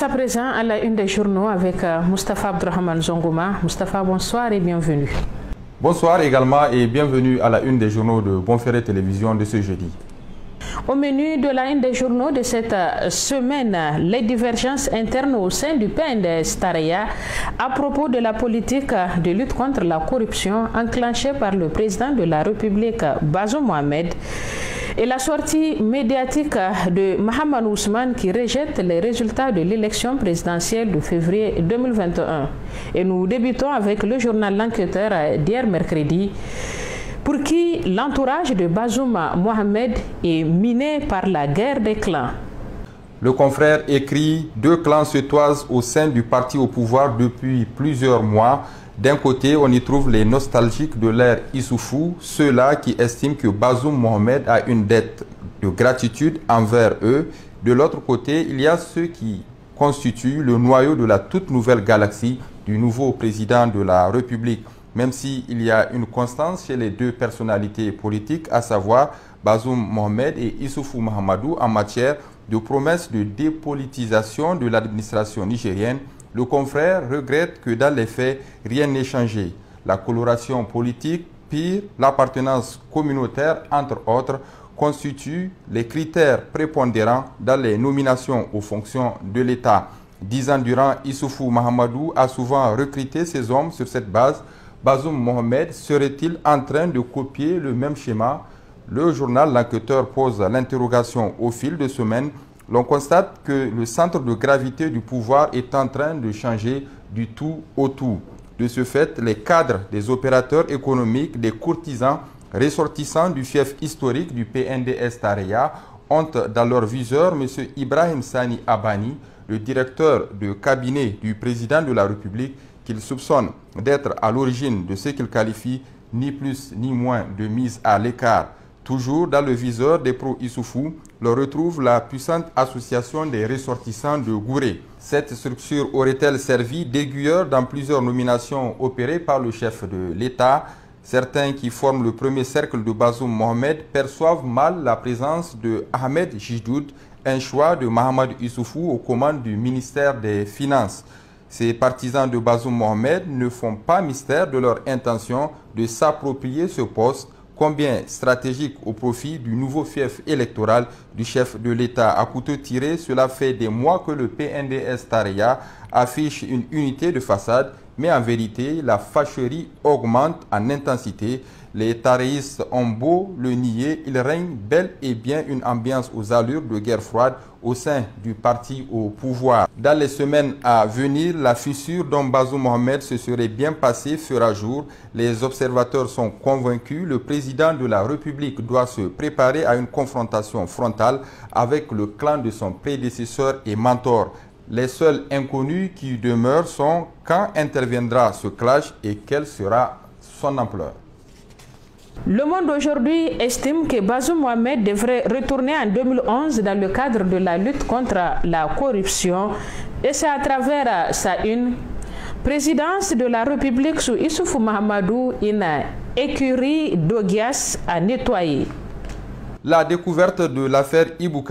à présent à la une des journaux avec euh, Mustapha Abdrahman Zongoma. Mustapha, bonsoir et bienvenue. Bonsoir également et bienvenue à la une des journaux de Bonferré Télévision de ce jeudi. Au menu de la une des journaux de cette euh, semaine, les divergences internes au sein du PND Staraya à propos de la politique de lutte contre la corruption enclenchée par le président de la République, Bazo Mohamed, et la sortie médiatique de Mohamed Ousmane qui rejette les résultats de l'élection présidentielle de février 2021. Et nous débutons avec le journal L'Enquêteur euh, d'hier mercredi pour qui l'entourage de Bazouma Mohamed est miné par la guerre des clans. Le confrère écrit Deux clans se toisent au sein du parti au pouvoir depuis plusieurs mois d'un côté, on y trouve les nostalgiques de l'ère Issoufou, ceux-là qui estiment que Bazoum Mohamed a une dette de gratitude envers eux. De l'autre côté, il y a ceux qui constituent le noyau de la toute nouvelle galaxie du nouveau président de la République. Même s'il y a une constance chez les deux personnalités politiques, à savoir Bazoum Mohamed et Issoufou Mahamadou en matière de promesses de dépolitisation de l'administration nigérienne le confrère regrette que dans les faits, rien n'ait changé. La coloration politique, pire, l'appartenance communautaire, entre autres, constituent les critères prépondérants dans les nominations aux fonctions de l'État. Dix ans durant, Issoufou Mahamadou a souvent recruté ses hommes sur cette base. Bazoum Mohamed serait-il en train de copier le même schéma Le journal L'Enquêteur pose l'interrogation au fil de semaines l'on constate que le centre de gravité du pouvoir est en train de changer du tout au tout. De ce fait, les cadres des opérateurs économiques, des courtisans ressortissants du fief historique du PNDS Tareya ont dans leur viseur M. Ibrahim Sani Abani, le directeur de cabinet du président de la République, qu'il soupçonne d'être à l'origine de ce qu'il qualifie ni plus ni moins de mise à l'écart. Toujours dans le viseur des pro-Issoufou, le retrouve la puissante association des ressortissants de Gouré. Cette structure aurait-elle servi d'aiguilleur dans plusieurs nominations opérées par le chef de l'État Certains qui forment le premier cercle de Bazoum Mohamed perçoivent mal la présence de Ahmed Jidoud, un choix de Mohamed Issoufou aux commandes du ministère des Finances. Ces partisans de Bazoum Mohamed ne font pas mystère de leur intention de s'approprier ce poste combien stratégique au profit du nouveau fief électoral du chef de l'État. À couteau tirer cela fait des mois que le PNDS Taria affiche une unité de façade mais en vérité, la fâcherie augmente en intensité. Les taréistes ont beau le nier, il règne bel et bien une ambiance aux allures de guerre froide au sein du parti au pouvoir. Dans les semaines à venir, la fissure dont Bazou Mohamed se serait bien passée, fera jour. Les observateurs sont convaincus. Le président de la République doit se préparer à une confrontation frontale avec le clan de son prédécesseur et mentor. Les seuls inconnus qui demeurent sont quand interviendra ce clash et quelle sera son ampleur. Le Monde aujourd'hui estime que Bazoum Mohamed devrait retourner en 2011 dans le cadre de la lutte contre la corruption et c'est à travers sa une présidence de la République sous Issoufou Mahamadou une écurie d'Ogias à nettoyer. La découverte de l'affaire Ibu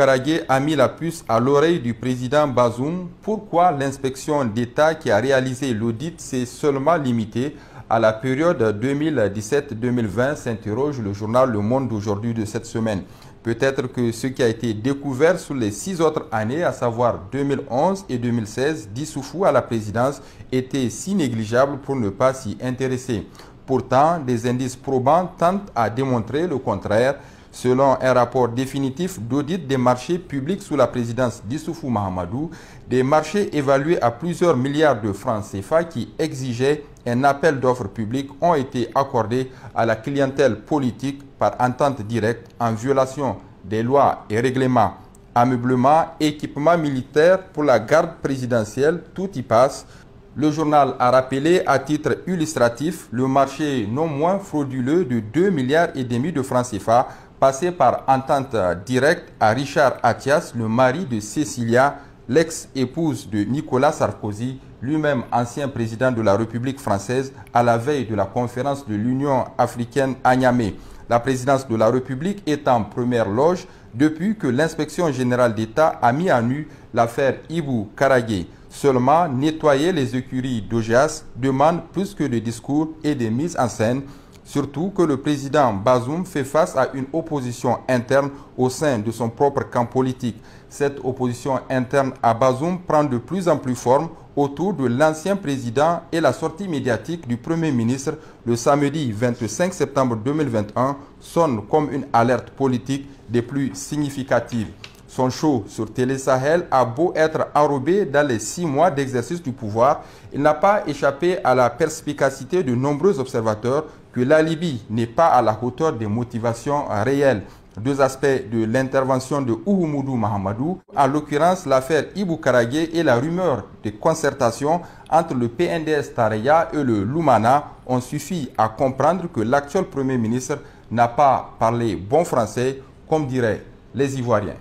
a mis la puce à l'oreille du président Bazoum. Pourquoi l'inspection d'État qui a réalisé l'audit s'est seulement limitée à la période 2017-2020, s'interroge le journal Le Monde d'aujourd'hui de cette semaine. Peut-être que ce qui a été découvert sur les six autres années, à savoir 2011 et 2016, d'Issoufou à la présidence, était si négligeable pour ne pas s'y intéresser. Pourtant, des indices probants tentent à démontrer le contraire. Selon un rapport définitif d'audit des marchés publics sous la présidence d'Issoufou Mahamadou, des marchés évalués à plusieurs milliards de francs CFA qui exigeaient un appel d'offres publiques ont été accordés à la clientèle politique par entente directe en violation des lois et règlements. Ameublement, équipement militaire pour la garde présidentielle, tout y passe. Le journal a rappelé à titre illustratif le marché non moins frauduleux de 2 milliards et demi de francs CFA passé par entente directe à Richard Attias, le mari de Cécilia, l'ex-épouse de Nicolas Sarkozy, lui-même ancien président de la République française, à la veille de la conférence de l'Union africaine à Niamey. La présidence de la République est en première loge depuis que l'inspection générale d'État a mis à nu l'affaire Ibu Karagé. Seulement, nettoyer les écuries d'Ojas demande plus que de discours et des mises en scène. Surtout que le président Bazoum fait face à une opposition interne au sein de son propre camp politique. Cette opposition interne à Bazoum prend de plus en plus forme autour de l'ancien président et la sortie médiatique du Premier ministre le samedi 25 septembre 2021 sonne comme une alerte politique des plus significatives. Son show sur Télé Sahel a beau être enrobé dans les six mois d'exercice du pouvoir, il n'a pas échappé à la perspicacité de nombreux observateurs que la Libye n'est pas à la hauteur des motivations réelles. Deux aspects de l'intervention de Ouhumoudou Mahamadou, en l'occurrence l'affaire Ibu Karagé et la rumeur de concertation entre le PNDS Tareya et le Lumana, ont suffi à comprendre que l'actuel Premier ministre n'a pas parlé bon français, comme diraient les Ivoiriens.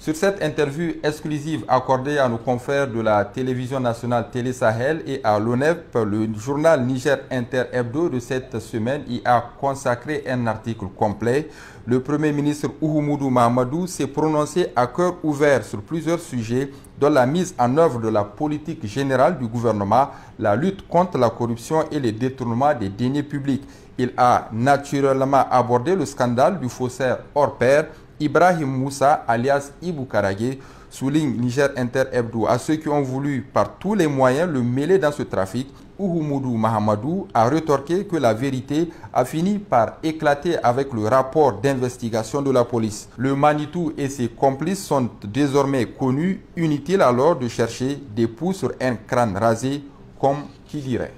Sur cette interview exclusive accordée à nos confrères de la télévision nationale Télé Sahel et à l'ONEP, le journal Niger Inter Hebdo de cette semaine y a consacré un article complet. Le Premier ministre Oumoudou Mahamadou s'est prononcé à cœur ouvert sur plusieurs sujets, dont la mise en œuvre de la politique générale du gouvernement, la lutte contre la corruption et les détournements des deniers publics. Il a naturellement abordé le scandale du faussaire hors pair Ibrahim Moussa, alias Ibu Karagé, souligne Niger Inter Hebdo. À ceux qui ont voulu par tous les moyens le mêler dans ce trafic, Uhumoudou Mahamadou a retorqué que la vérité a fini par éclater avec le rapport d'investigation de la police. Le Manitou et ses complices sont désormais connus, inutile alors de chercher des poux sur un crâne rasé, comme qui dirait.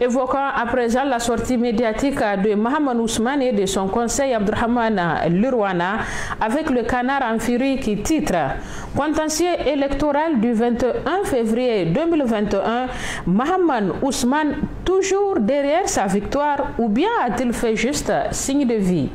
Évoquant à présent la sortie médiatique de Mohamed Ousmane et de son conseil Abdurrahman Lurwana avec le canard en furie qui titre Contentieux électoral du 21 février 2021, Mohamed Ousmane toujours derrière sa victoire ou bien a-t-il fait juste signe de vie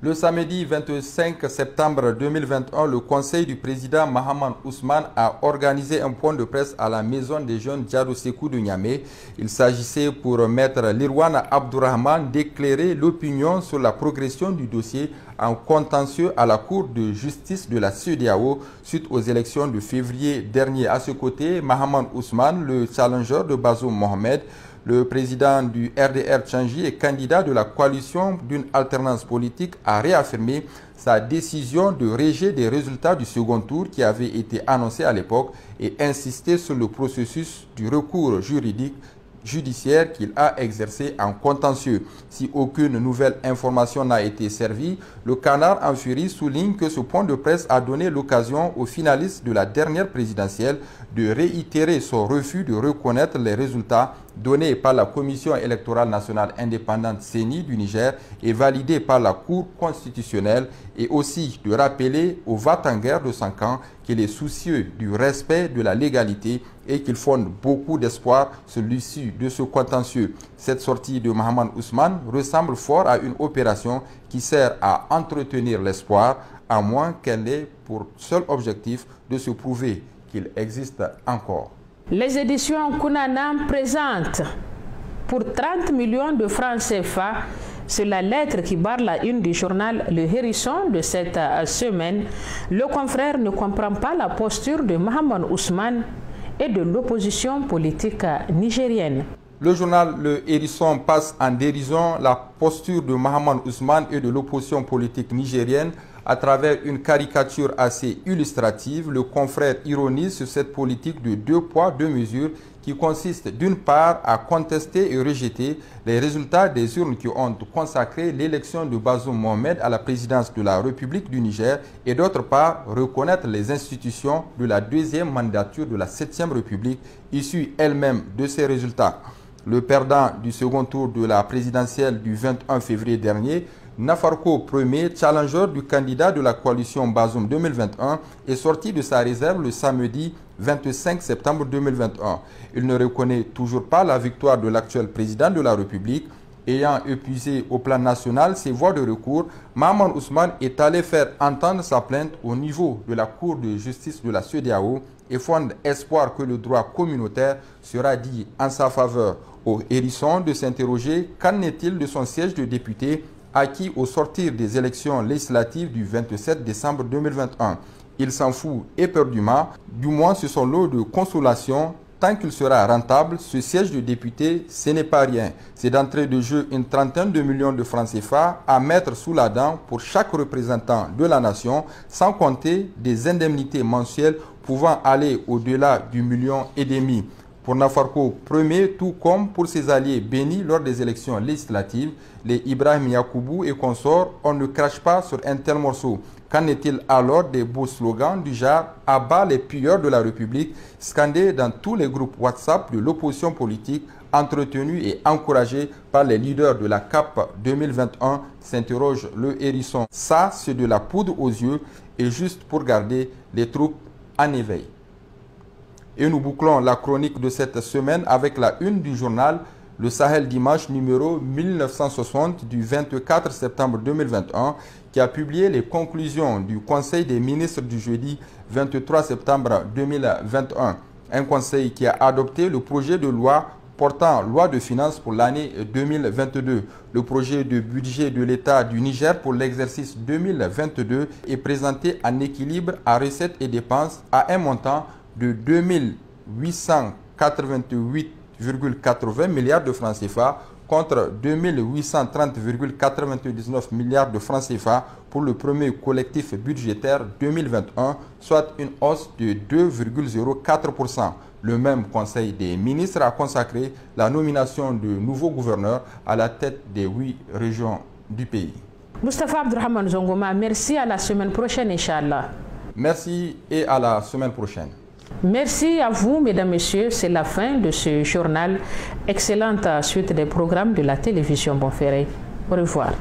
le samedi 25 septembre 2021, le conseil du président Mahaman Ousmane a organisé un point de presse à la maison des jeunes Djadou Sekou de Niamey. Il s'agissait pour mettre Lirwana Abdourahman d'éclairer l'opinion sur la progression du dossier en contentieux à la Cour de justice de la CEDEAO suite aux élections de février dernier. À ce côté, Mohamed Ousmane, le challenger de Bazoum Mohamed, le président du RDR Changi et candidat de la coalition d'une alternance politique a réaffirmé sa décision de réger des résultats du second tour qui avait été annoncé à l'époque et insisté sur le processus du recours juridique judiciaire qu'il a exercé en contentieux. Si aucune nouvelle information n'a été servie, le canard en furie souligne que ce point de presse a donné l'occasion aux finalistes de la dernière présidentielle de réitérer son refus de reconnaître les résultats donnée par la Commission électorale nationale indépendante CENI du Niger et validée par la Cour constitutionnelle et aussi de rappeler au Vatanguer de 5 ans qu'il est soucieux du respect de la légalité et qu'il fonde beaucoup d'espoir sur l'issue de ce contentieux. Cette sortie de Mohamed Ousmane ressemble fort à une opération qui sert à entretenir l'espoir, à moins qu'elle ait pour seul objectif de se prouver qu'il existe encore. Les éditions Kunanam présentent pour 30 millions de francs CFA c'est la lettre qui barre la une du journal Le Hérisson de cette euh, semaine. Le confrère ne comprend pas la posture de Mohamed Ousmane et de l'opposition politique euh, nigérienne. Le journal Le Hérisson passe en dérision la posture de Mohamed Ousmane et de l'opposition politique nigérienne à travers une caricature assez illustrative, le confrère ironise sur cette politique de deux poids, deux mesures qui consiste d'une part à contester et rejeter les résultats des urnes qui ont consacré l'élection de Bazoum Mohamed à la présidence de la République du Niger et d'autre part reconnaître les institutions de la deuxième mandature de la 7e République issue elle-même de ces résultats. Le perdant du second tour de la présidentielle du 21 février dernier Nafarko, premier challenger du candidat de la coalition Bazoum 2021, est sorti de sa réserve le samedi 25 septembre 2021. Il ne reconnaît toujours pas la victoire de l'actuel président de la République. Ayant épuisé au plan national ses voies de recours, Maman Ousmane est allé faire entendre sa plainte au niveau de la Cour de justice de la CEDEAO et fonde espoir que le droit communautaire sera dit en sa faveur. Au hérisson de s'interroger qu'en est-il de son siège de député acquis au sortir des élections législatives du 27 décembre 2021. Il s'en fout éperdument, du moins ce sont lot de consolation. Tant qu'il sera rentable, ce siège de député, ce n'est pas rien. C'est d'entrée de jeu une trentaine de millions de francs CFA à mettre sous la dent pour chaque représentant de la nation, sans compter des indemnités mensuelles pouvant aller au-delà du million et demi. Pour Nafarko, premier, tout comme pour ses alliés bénis lors des élections législatives, les Ibrahim Yakoubou et consorts, on ne crache pas sur un tel morceau. Qu'en est-il alors des beaux slogans du genre « Abat les pilleurs de la République » scandés dans tous les groupes WhatsApp de l'opposition politique entretenus et encouragés par les leaders de la CAP 2021, s'interroge le hérisson. Ça, c'est de la poudre aux yeux et juste pour garder les troupes en éveil. Et nous bouclons la chronique de cette semaine avec la une du journal Le Sahel Dimanche numéro 1960 du 24 septembre 2021 qui a publié les conclusions du Conseil des ministres du jeudi 23 septembre 2021. Un conseil qui a adopté le projet de loi portant loi de finances pour l'année 2022. Le projet de budget de l'État du Niger pour l'exercice 2022 est présenté en équilibre à recettes et dépenses à un montant de 2888,80 milliards de francs CFA contre 2830,99 milliards de francs CFA pour le premier collectif budgétaire 2021, soit une hausse de 2,04%. Le même Conseil des ministres a consacré la nomination de nouveaux gouverneurs à la tête des huit régions du pays. Moustapha Abdurrahman Zongoma, merci à la semaine prochaine, Inch'Allah. Merci et à la semaine prochaine. Merci à vous, mesdames, messieurs. C'est la fin de ce journal. Excellente suite des programmes de la télévision Bonferré. Au revoir.